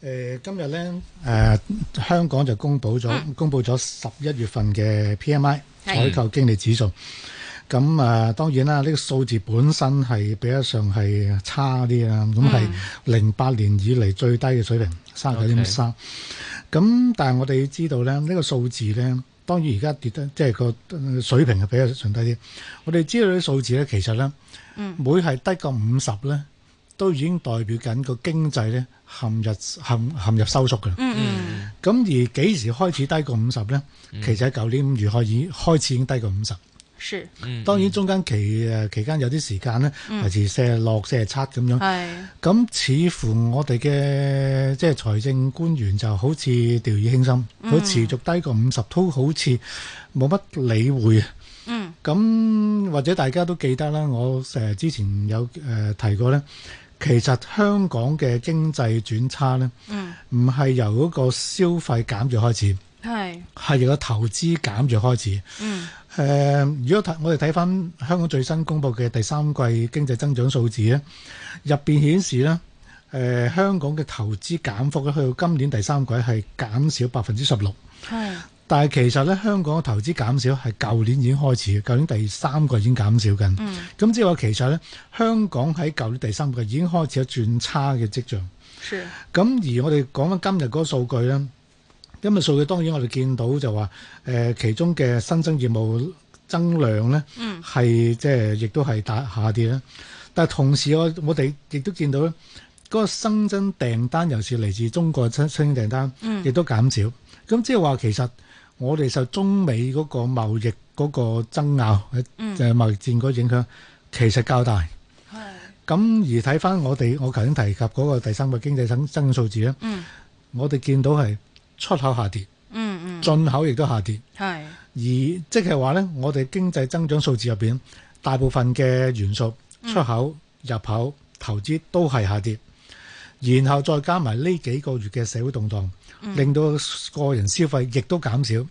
誒、呃、今日咧，誒、呃、香港就公佈咗、嗯、公佈咗十一月份嘅 PMI 的採購經理指數。咁誒、呃、當然啦，呢、這個數字本身係比得上是差一上係差啲啦。咁係零八年以嚟最低嘅水平，三十點三。咁 Okay 但係我哋要知道咧，呢、這個數字咧，當然而家跌得即係個水平係比較上低啲。我哋知道啲數字咧，其實咧，每係低過五十咧。都已經代表緊個經濟咧陷入陷陷入收縮㗎。嗯。咁而幾時開始低過五十咧？嗯、其實喺舊年五月開始已經低過五十。是。當然中間期期、嗯、間有啲時間咧，維持四十六、嗯、四十七咁樣。係。咁似乎我哋嘅即係財政官員就好似掉以輕心，佢、嗯、持續低過五十，都好似冇乜理會啊。嗯。咁或者大家都記得啦，我之前有、呃、提過咧。其實香港嘅經濟轉差咧，唔係由嗰個消費減弱開始，係、嗯、由投資減弱開始。嗯、如果睇我哋睇翻香港最新公布嘅第三季經濟增長數字咧，入面顯示咧，香港嘅投資減幅咧，去到今年第三季係減少百分之十六。嗯但係其實咧，香港嘅投資減少係舊年已經開始嘅，舊年第三季已經減少緊。咁即係話其實咧，香港喺舊年第三季已經開始有轉差嘅跡象。咁是而我哋講緊今日嗰個數據咧，今日數據當然我哋見到就話，誒、呃、其中嘅新增業務增量咧，係即係亦都係大下跌咧。但係同時我我哋亦都見到咧，嗰個新增訂單尤其嚟自中國嘅新增訂單，亦都減少。咁即係話其實。我哋受中美嗰個貿易嗰個爭拗，誒、嗯、貿易戰嗰影響其實較大。係咁的而睇翻我哋，我頭先提及嗰個第三個經濟增增長數字咧，嗯、我哋見到係出口下跌，嗯嗯，嗯、進口亦都下跌。係的而即係話咧，我哋經濟增長數字入面大部分嘅元素出口、嗯、入口、投資都係下跌。然後再加埋呢幾個月嘅社會動盪，令到個人消費亦都減少，嗯、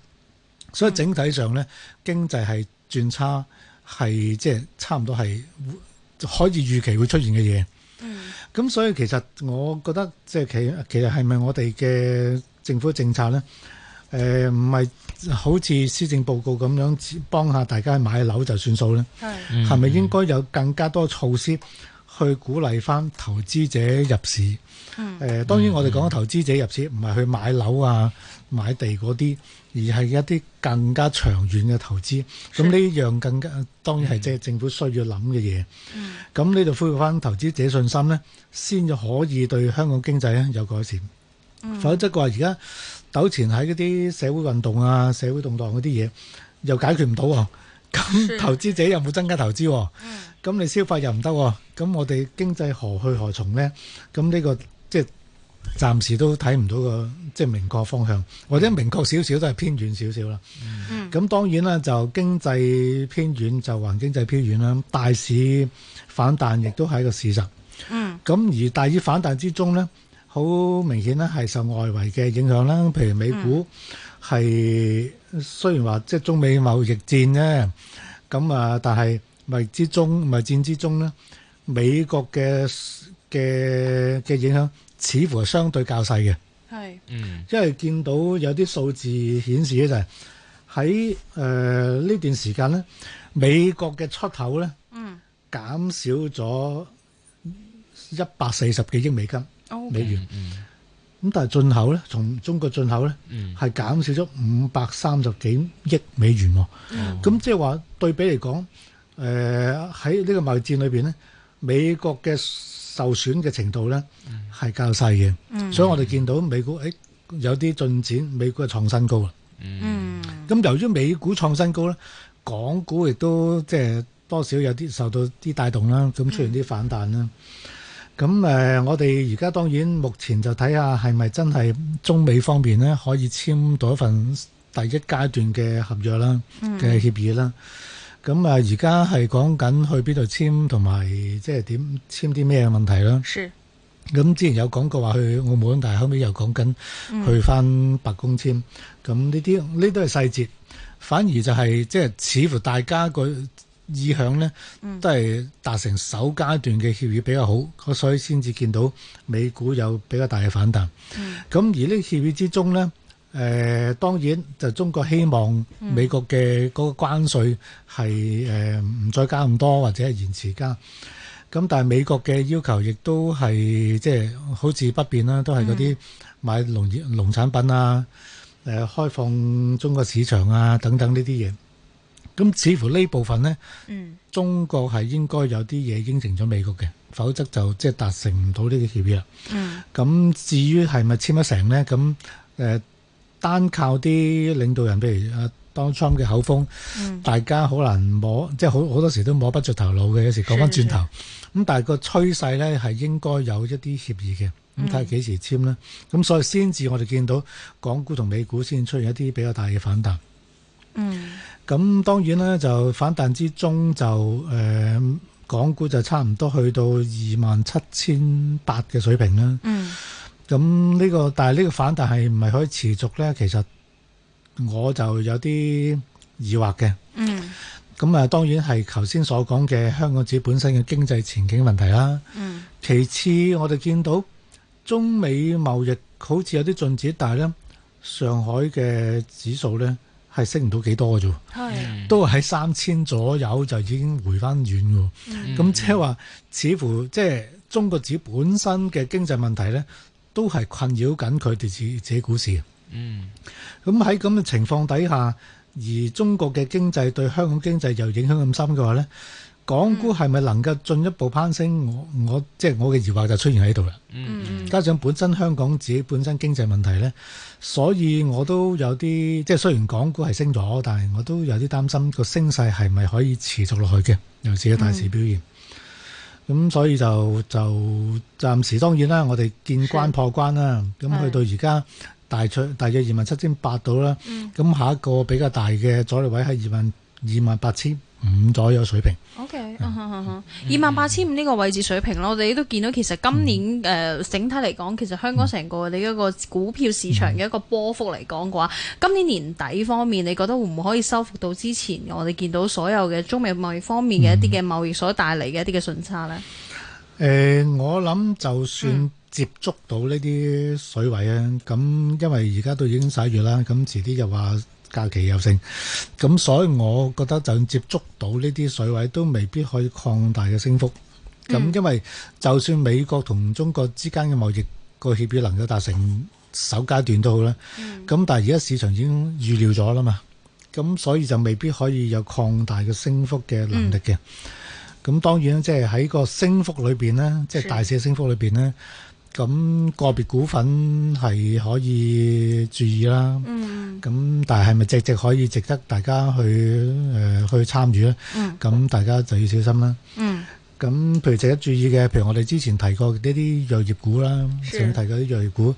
所以整體上咧、嗯、經濟係轉差，係即係差唔多係可以預期會出現嘅嘢。咁、嗯、所以其實我覺得即係其其實係咪我哋嘅政府政策咧？呃、唔係好似施政報告咁樣幫下大家買樓就算數咧？係咪、嗯、應該有更加多措施？去鼓勵翻投資者入市，誒、嗯呃、當然我哋講投資者入市，唔係去買樓啊、買地嗰啲，而係一啲更加長遠嘅投資。咁呢是樣更加當然係即係政府需要諗嘅嘢。咁呢度恢復翻投資者信心咧，先至可以對香港經濟咧有改善。否則嘅話，而家糾纏喺嗰啲社會運動啊、社會動盪嗰啲嘢，又解決唔到喎。咁投資者有冇增加投資、啊？是嗯咁你消費又唔得、哦，咁我哋經濟何去何從呢？咁呢、這個即係暫時都睇唔到個即係明確方向，或者明確少少都係偏遠少少啦。咁、嗯、當然啦，就經濟偏遠就還經濟偏遠啦。大市反彈亦都係一個事實。咁、嗯、而大市反彈之中呢，好明顯咧係受外圍嘅影響啦。譬如美股係、嗯、雖然話即係中美貿易戰咧，咁啊，但係咪之中，唔係戰之中咧，美國嘅嘅嘅影響似乎係相對較細嘅。係，嗯，因為見到有啲數字顯示咧，就係喺誒呢段時間咧，美國嘅出口咧，嗯，減少咗一百四十幾億美金美元，嗯，咁但係進口咧，從中國進口咧，嗯，係減少咗五百三十幾億美元喎，咁即係話對比嚟講。誒喺呢個貿易戰裏邊咧，美國嘅受損嘅程度咧係、嗯、較細嘅，嗯、所以我哋見到美股誒、呃、有啲進展，美股嘅創新高啊！嗯，咁由於美股創新高咧，港股亦都即係多少有啲受到啲帶動啦，咁出現啲反彈啦。咁誒、嗯，我哋而家當然目前就睇下係咪真係中美方面咧可以簽到一份第一階段嘅合約啦嘅協議啦。咁啊，而家係講緊去邊度簽同埋，即係點簽啲咩問題啦？是。咁之前有講過話去澳門，但係後尾又講緊去翻白宮簽。咁呢啲呢都係細節，反而就係即係似乎大家個意向呢都係達成首階段嘅協議比較好，所以先至見到美股有比較大嘅反彈。咁、嗯、而呢協議之中呢。誒當然就中國希望美國嘅嗰個關稅係誒唔再加咁多或者係延遲加，咁但係美國嘅要求亦都係即係好似不變啦，都係嗰啲買農業農產品啊，誒開放中國市場啊等等呢啲嘢。咁似乎呢部分呢，中國係應該有啲嘢應承咗美國嘅，否則就即係達成唔到呢個協議。嗯。咁至於係咪簽得成呢？咁誒。單靠啲領導人，譬如阿 d 嘅口風，嗯、大家好難摸，即係好好多時都摸不着頭腦嘅。有時講翻轉頭，咁的但係個趨勢咧係應該有一啲協議嘅，咁睇下幾時簽啦。咁、嗯、所以先至我哋見到港股同美股先出現一啲比較大嘅反彈。嗯。咁當然呢，就反彈之中就、呃、港股就差唔多去到二萬七千八嘅水平啦。嗯。咁呢、這個，但係呢個反彈係唔係可以持續咧？其實我就有啲疑惑嘅。嗯。咁啊，當然係頭先所講嘅香港指本身嘅經濟前景問題啦。嗯。其次我，我哋見到中美貿易好似有啲進展，但係咧，上海嘅指數咧係升唔到幾多嘅啫，嗯、都喺三千左右就已經回翻遠喎。咁即係話，似乎即係中國指本身嘅經濟問題咧。都係困擾緊佢哋自己股市的。嗯，咁喺咁嘅情況底下，而中國嘅經濟對香港經濟又影響咁深嘅話呢，港股係咪能夠進一步攀升？我我即係、就是、我嘅疑惑就出現喺度啦。嗯，加上本身香港自己本身經濟問題呢，所以我都有啲即係，雖然港股係升咗，但係我都有啲擔心個升勢係咪可以持續落去嘅？尤其是大市表現。嗯咁所以就就暫時當然啦，我哋見關破關啦，咁去是到而家大出大約二萬七千八度啦，咁、嗯、下一個比較大嘅阻力位係二萬二萬八千。五左右水平，OK，二萬八千五呢個位置水平咯。嗯、我哋都見到，其實今年誒、嗯呃、整體嚟講，其實香港成個你一個股票市場嘅一個波幅嚟講嘅話，嗯、今年年底方面，你覺得會唔會可以收復到之前我哋見到所有嘅中美貿易方面嘅一啲嘅貿易所帶嚟嘅一啲嘅順差呢？誒、呃，我諗就算接觸到呢啲水位啊，咁、嗯、因為而家都已經十月啦，咁遲啲又話。假期又升，咁所以我覺得就接觸到呢啲水位都未必可以擴大嘅升幅，咁、嗯、因為就算美國同中國之間嘅貿易個協議能夠達成首階段都好啦，咁、嗯、但係而家市場已經預料咗啦嘛，咁所以就未必可以有擴大嘅升幅嘅能力嘅，咁、嗯、當然即係喺個升幅裏邊咧，即、就、係、是、大市嘅升幅裏邊呢。咁個別股份係可以注意啦，咁但係係咪直直可以值得大家去誒去參與咧？咁大家就要小心啦。咁譬如值得注意嘅，譬如我哋之前提過呢啲藥業股啦，前提嗰啲藥業股，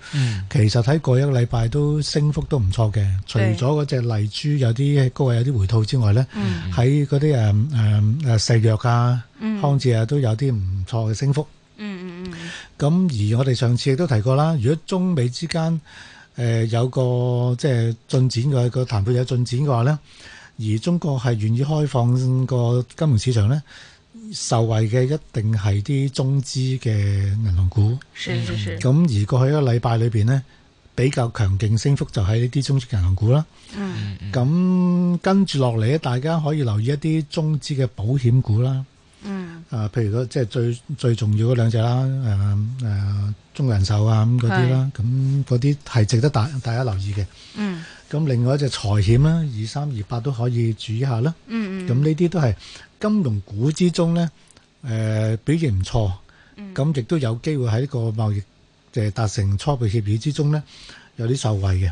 其實睇過一個禮拜都升幅都唔錯嘅。除咗嗰隻麗珠有啲高位有啲回吐之外咧，喺嗰啲誒誒誒石藥啊、康哲啊都有啲唔錯嘅升幅。咁而我哋上次亦都提過啦，如果中美之間誒、呃、有個即係進展嘅個談判有進展嘅話咧，而中國係願意開放個金融市場咧，受惠嘅一定係啲中資嘅銀行股。咁是、嗯、而過去一個禮拜裏面咧，比較強勁升幅就係呢啲中資銀行股啦。咁、嗯嗯、跟住落嚟咧，大家可以留意一啲中資嘅保險股啦。嗯，啊，譬如即係最最重要嗰兩隻啦，誒、呃、誒，中國人壽啊，咁嗰啲啦，咁嗰啲係值得大家大家留意嘅。嗯，咁另外一隻財險啦，二三二八都可以注意一下啦。嗯嗯，咁呢啲都係金融股之中咧，誒、呃、表現唔錯。咁亦、嗯、都有機會喺呢個貿易誒達、呃、成初步協議之中咧，有啲受惠嘅。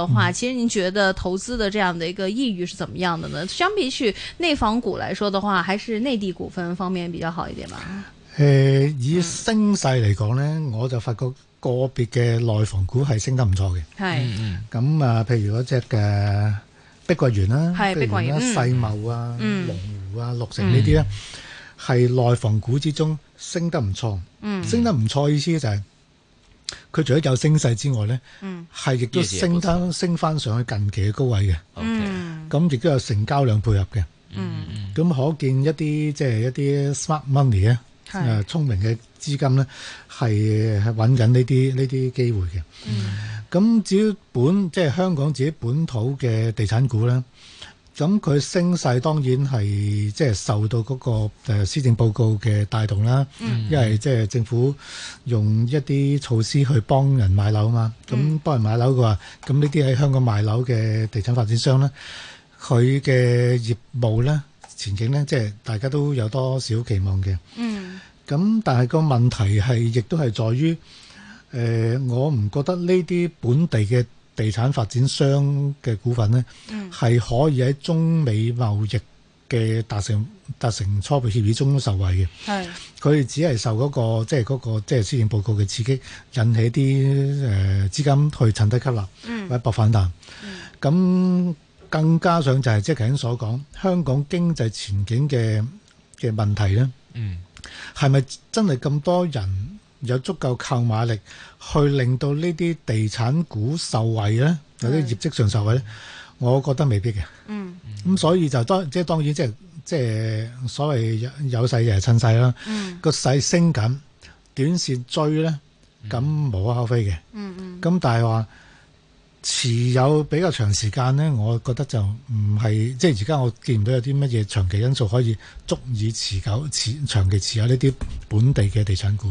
嘅話，其實您覺得投資的這樣的一個意欲是怎麼樣的呢？相比起內房股來說的話，還是內地股份方面比較好一點吧？誒、呃，以升勢嚟講呢，我就發覺個別嘅內房股係升得唔錯嘅。係是，咁啊、嗯嗯，譬如嗰隻嘅碧桂園啦，是碧桂園、嗯、世茂啊、龍、嗯、湖啊、綠城呢啲咧，係內、嗯、房股之中升得唔錯。嗯、升得唔錯意思就係、是。佢除咗有升勢之外咧，係亦、嗯、都升返升返上去近期嘅高位嘅。咁亦都有成交量配合嘅。咁、嗯、可見一啲即係一啲 smart money 啊、嗯，聰明嘅資金咧，係揾緊呢啲呢啲機會嘅。咁、嗯、至於本即係、就是、香港自己本土嘅地產股咧。咁佢升勢當然係即係受到嗰個誒施政報告嘅帶動啦，因為即係政府用一啲措施去幫人買樓啊嘛，咁幫人買樓嘅話，咁呢啲喺香港買樓嘅地產發展商咧，佢嘅業務咧前景咧，即係大家都有多少期望嘅。嗯，咁但係個問題係亦都係在於，誒我唔覺得呢啲本地嘅地產發展商嘅股份咧，係、嗯、可以喺中美貿易嘅達成達成初步協議中受惠嘅。係佢哋是只係受嗰、嗰個即係嗰個即係施政報告嘅刺激，引起啲誒資金去趁低吸納或者博反彈。咁、嗯、更加上就係即係頭先所講香港經濟前景嘅嘅問題咧，係咪、嗯、真係咁多人？有足夠購買力去令到呢啲地產股受惠咧，有啲業績上受惠咧，是我覺得未必嘅。嗯，咁、嗯、所以就當即當然、就係、即即所謂有有勢就係趁勢啦。嗯、個勢升緊，短線追咧，咁、嗯、無可厚非嘅。嗯嗯。咁、嗯、但係話持有比較長時間咧，我覺得就唔係即而家我見唔到有啲乜嘢長期因素可以足以持久持長期持有呢啲本地嘅地產股。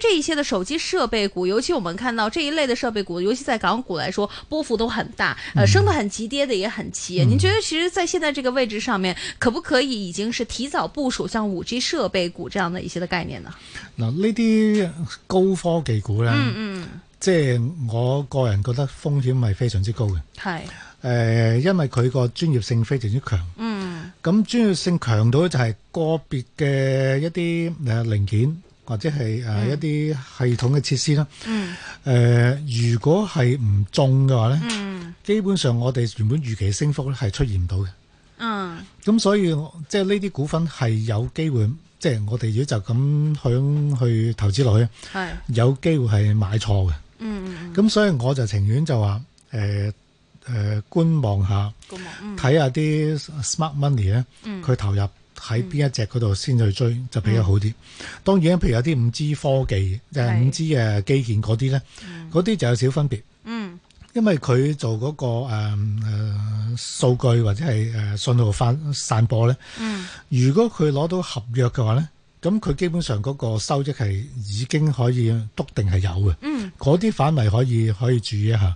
這一些的手機設備股，尤其我們看到這一類的設備股，尤其在港股來說，波幅都很大，嗯、呃，升得很急，跌的也很急。您、嗯、覺得其實，在現在這個位置上面，嗯、可不可以已經是提早部署像五 G 設備股這樣的一些的概念呢？嗱，呢啲高科技股呢，嗯嗯、即係我個人覺得風險係非常之高嘅。係是，誒、呃，因為佢個專業性非常之強。嗯。咁專業性強到就係個別嘅一啲誒零件。或者係誒一啲系統嘅設施啦。誒、嗯呃，如果係唔中嘅話咧，嗯、基本上我哋原本預期升幅咧係出現唔到嘅。嗯。咁所以即係呢啲股份係有機會，即係我哋如果就咁樣去投資落去，係的有機會係買錯嘅。嗯咁所以我就情願就話誒誒觀望下，睇、嗯、下啲 smart money 咧，佢投入，嗯喺邊一隻嗰度先去追、嗯、就比較好啲。當然譬如有啲五 G 科技誒五 G 誒基建嗰啲咧，嗰啲、嗯、就有少分別。嗯，因為佢做嗰、那個誒誒、呃、數據或者係誒信號翻散播咧。嗯，如果佢攞到合約嘅話咧，咁佢基本上嗰個收益係已經可以篤定係有嘅。嗯，嗰啲反為可以可以注意一下。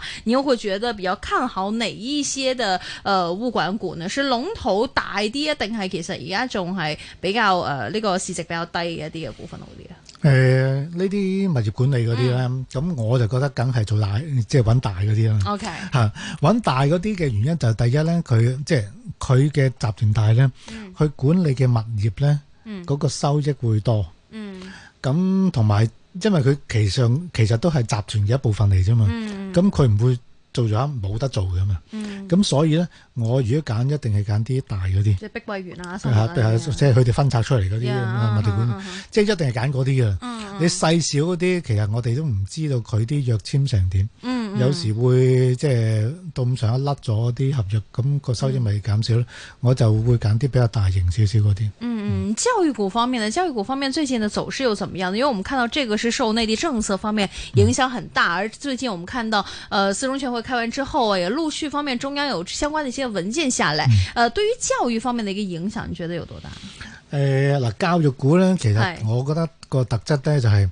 你又會覺得比較看好哪一些嘅誒物管股呢？是龍頭大啲啊，定係其實而家仲係比較誒呢、呃這個市值比較低嘅一啲嘅股份好啲啊？誒、呃，呢啲物業管理嗰啲咧，咁、嗯、我就覺得梗係做大，嗯、即係搵大嗰啲啦。OK，吓搵、啊、大嗰啲嘅原因就係第一咧，佢即係佢嘅集團大咧，佢、嗯、管理嘅物業咧，嗰、嗯、個收益會多。嗯，咁同埋。因為佢其上其實都係集團嘅一部分嚟啫、嗯、嘛，咁佢唔會做咗冇得做㗎嘛，咁所以咧，我如果揀一定係揀啲大嗰啲，即係碧桂園啊，嚇、啊，即係佢哋分拆出嚟嗰啲物管，即係一定係揀嗰啲嘅。嗯、你細小嗰啲，其實我哋都唔知道佢啲約簽成點。嗯有時會即係到咁上下甩咗啲合約，咁個收益咪減少咯。我就會揀啲比較大型少少嗰啲。嗯，教育股方面咧，教育股方面最近嘅走勢又怎麼樣咧？因為我們看到這個是受內地政策方面影響很大，而最近我們看到，呃，四中全會開完之後，也陸續方面中央有相關的一些文件下來，嗯嗯、呃，對於教育方面的一個影響，你覺得有多大？誒嗱，教育股呢，其實我覺得個特質呢，就係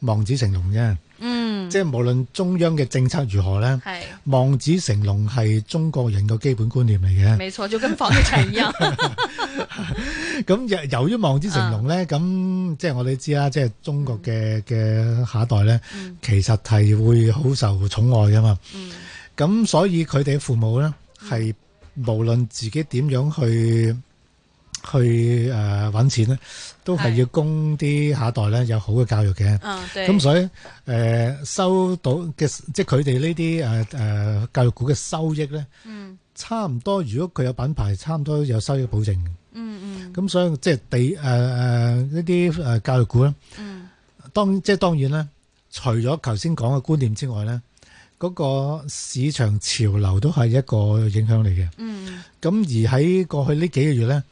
望子成龍啫。嗯，即係無論中央嘅政策如何咧，望是子成龍係中國人嘅基本觀念嚟嘅。沒錯，就跟房地產一樣。咁 由由於望子成龍咧，咁、啊、即係我哋知啦，即係中國嘅嘅下一代咧，嗯、其實係會好受寵愛噶嘛。咁、嗯、所以佢哋嘅父母咧係、嗯、無論自己點樣去。去誒揾、呃、錢咧，都係要供啲下一代咧有好嘅教育嘅。咁、哦、所以誒、呃、收到嘅即係佢哋呢啲誒教育股嘅收益咧，嗯，差唔多。如果佢有品牌，差唔多有收益保證嘅、嗯。嗯嗯。咁所以即係地誒誒呢啲教育股咧，嗯，當即係當然咧，除咗頭先講嘅觀念之外咧，嗰、嗰個市場潮流都係一個影響嚟嘅。嗯。咁而喺過去呢幾個月咧。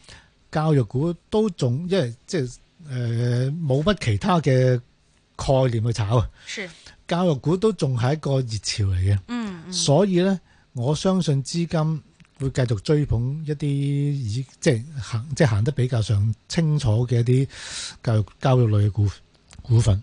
教育股都仲，因為即係誒冇乜其他嘅概念去炒啊。是，教育股都仲係一個熱潮嚟嘅。嗯。嗯。所以咧，我相信資金會繼續追捧一啲以即係行即係行得比較上清楚嘅一啲教育教育類嘅股股份。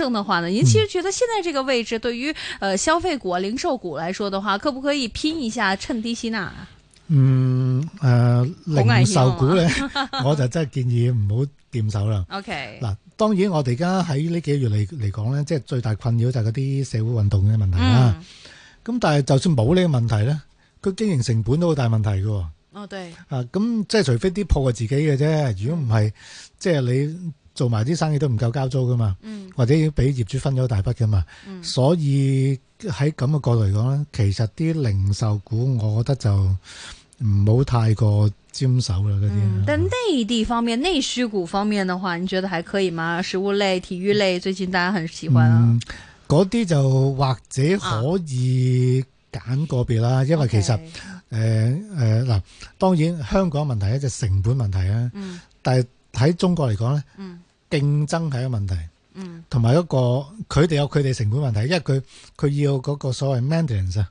正的話呢？您其實覺得現在這個位置對於，呃，消費股、零售股來說的話，可不可以拼一下趁低吸納啊？嗯，誒、呃，零售股咧，我就真係建議唔好掂手啦。 OK。嗱，當然我哋而家喺呢幾個月嚟嚟講咧，即係最大困擾就係嗰啲社會運動嘅問題啦。咁、嗯、但係就算冇呢個問題咧，佢經營成本都好大問題㗎。哦，對。啊，咁即係除非啲鋪係自己嘅啫，如果唔係，即係你。做埋啲生意都唔夠交租㗎嘛，嗯、或者要俾業主分咗大筆㗎嘛，嗯、所以喺咁嘅角度嚟講咧，其實啲零售股，我覺得就唔好太過沾手啦嗰啲。但內地方面，內、啊、內需股方面嘅話，你覺得還可以嗎？食物類、體育類，最近大家很喜歡啊。嗰啲、嗯、就或者可以揀個別啦，啊、因為其實誒誒嗱，當然香港問題一隻成本問題啊。嗯、但係喺中國嚟講咧，嗯競爭係一個問題，嗯，同埋一個佢哋有佢哋成本問題，因為佢佢要嗰個所謂 maintenance 啊，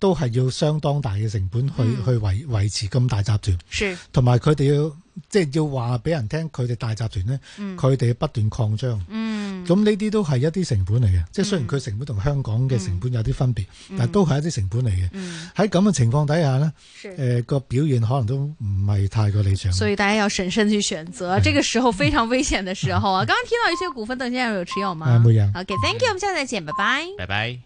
都係要相當大嘅成本去、嗯、去維維持咁大集團，同埋佢哋要即係要話俾人聽，佢哋大集團呢，佢哋要、嗯、不斷擴張，嗯。咁呢啲都係一啲成本嚟嘅，即係雖然佢成本同香港嘅成本有啲分別，嗯、但係都係一啲成本嚟嘅。喺咁嘅情況底下呢，誒個是、呃、表現可能都唔係太過理想。所以大家要審慎去選擇，是這個時候非常危險的時候啊！剛剛、嗯、聽到一些股份，等下有持有嗎？係冇人。OK, thank you，、嗯、我們下次再見，拜拜。拜拜。